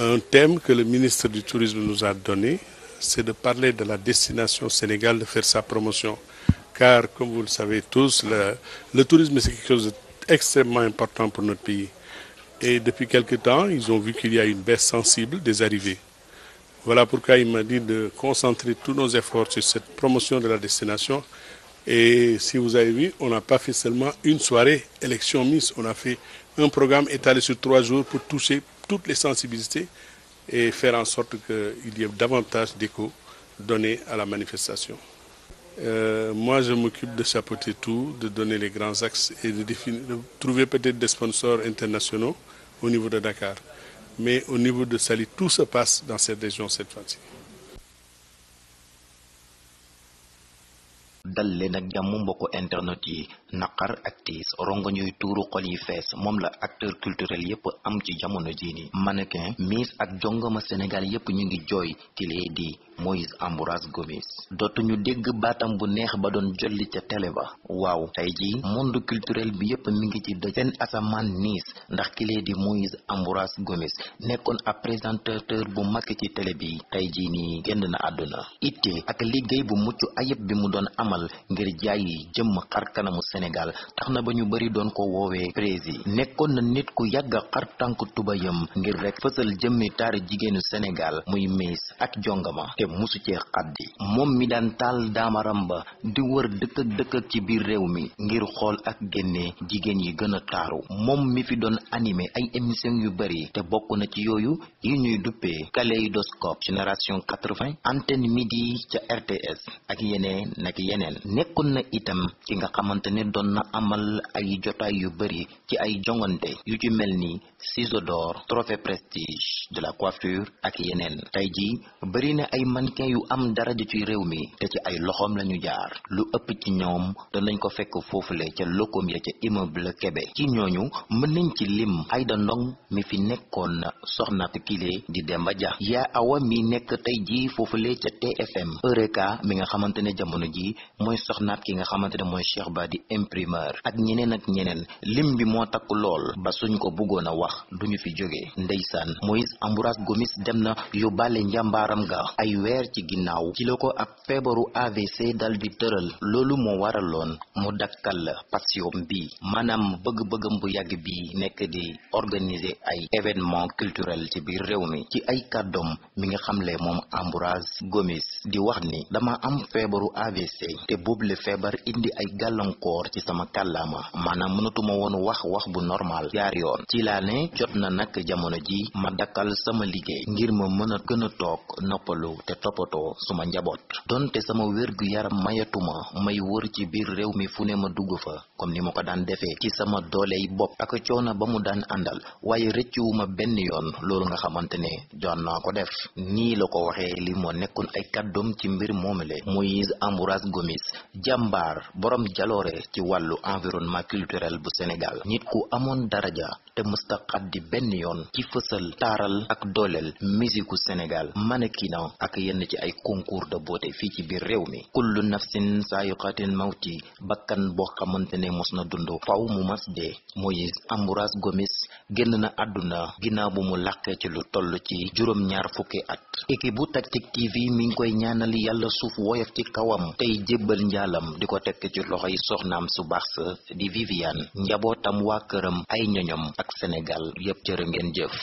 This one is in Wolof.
Un thème que le ministre du Tourisme nous a donné, c'est de parler de la destination Sénégal, de faire sa promotion. Car, comme vous le savez tous, le, tourisme, c'est quelque chose d'extrêmement important pour notre pays. Et depuis quelque temps, ils ont vu qu'il y a une baisse sensible des arrivées. Voilà pourquoi il m'a dit de concentrer tous nos efforts sur cette promotion de la destination. Et si vous avez vu, on n'a pas fait seulement une soirée élection un programme étalé sur trois jours pour toucher toutes les sensibilités et faire en sorte qu'il y ait davantage d'écho donné à la manifestation. Euh, moi, je m'occupe de chapeauter tout, de donner les grands axes et de, définir, de trouver peut-être des sponsors internationaux au niveau de Dakar. Mais au niveau de Sali, tout se passe dans cette région cette fois-ci. dal leen ak bokk mbokku internet yi naqar ak tiis rongo ñuy tuuru xol yi fees moom la acteur culturel yépp am ci jamono jii ni mannequin Miss ak jongama Sénégal yépp ñu ngi jooy kilee di Moïse Ambroise Gomis dootuñu dégg baatam bu neex ba doon jolli ca télé ba waaw tey ji monde culturel bi yépp mu ngi ci doj seen asamaan niis ndax kilee di Moïse Ambroise Gomis nekkoon ab présentateur bu mag ci télé bi tey ji nii génn na àdduna itte ak liggéey bu mucc ayib amal ngir jaay yi jëmm xar kanamu Sénégal tax na ba ñu bari doon ko woowee prési nekkoon na nit ku yàgg a xar tànk tubayam ngir rek fësal jëmmi taar jigéenu Sénégal muy miis ak jongama te musu cee xaddi moom mi daan taal daamaram ba di wër dëkk dëkkat ci biir réew mi ngir xool ak génne jigéen yi gën a taaru moom mi fi doon animé ay émission yu bari te bokk na ci yooyu yi ñuy duppee kaléidoscope génération 80 antenne midi ca RTS ak yeneen nak leneen nekkoon na itam ki nga xamante ne doon na amal ay jotaay yu bari ci ay jongante yu ci mel nii ciseaux d'or trophée prestige de la coiffure ak yeneen tey jii bëri na ay mannequin yu am daraja ci réew mi te ci ay loxoom lañu jaar lu ëpp ci ñoom danañ ko fekk foofule ca lokoom ya ca immeuble Kébé ci ñooñu mën nañ ci lim Aïda Ndong mi fi nekkoon na soxna kilé di Demba Dia yaa awa mi nekk tey jii foofule ca TFM Eureka mi nga xamante ne jamono ji mooy soxnaat ki nga xamante ne mooy Cheikh Ba di imprimeur ak ñeneen ak ñeneen lim bi moo takk lool ba suñ wax duñu fi jógee ndeysaan mooy Ambroise Gomis dem na yu yóbbaale njàmbaaram ga ay weer ci ginnaaw ci la ko ab feebaru AVC dal bi tëral loolu moo waraloon mu dakkal la passion bi maanaam bëgg-bëggam bu yàgg bi nekk di organiser ay événement culturel ci biir réew mi ci ay kàddoom mi nga xamle moom Ambroise Gomis di wax ni dama am feebaru AVC te boobule feebar indi ay gàllankoor ci sama kàllaama maanaam mënatuma woon wax wax bu normal jaar yoon ne jot na nag jamono ji ma dakkal sama liggéey ngir ma mën a gën a toog noppalu te toppatoo suma njaboot donte sama wér yaram mayatuma may wër ci biir réew mi fu ne ma dugg fa comme ni ma ko daan defee ci sama dooley bopp ak coono ba mu daan àndal waaye rëccuwuma benn yoon loolu nga xamante ne doon naa ko def nii la ko waxee li moo nekkoon ay kàddoom ci mbir moomale Moïse Ambroise Gomis jàmbaar borom jaloore ci wàllu environnement culturel bu Sénégal xaddi benn yoon ci fësal taaral ak dooleel musiku Sénégal mannequinat ak yenn ci ay concours de beauté fii ci biir réew mi kullu nafsin saayuqatil mawti bakkan boo xamante ne mos na dund faw mu mas dee Moïse Ambroise Gomis génn na àdduna ginaaw bu mu làqee ci lu toll ci juróom ñaar fukki at équipe bu Tactic TV mi ngi koy ñaanal yàlla suuf woyof ci kawam tey jébbal njaalam di ko tekk ci loxo loxoy soxnaam su baax sa di Viviane njabootam waa këram ay ñoñom ak Sénégal yépp jërë ngeen jëf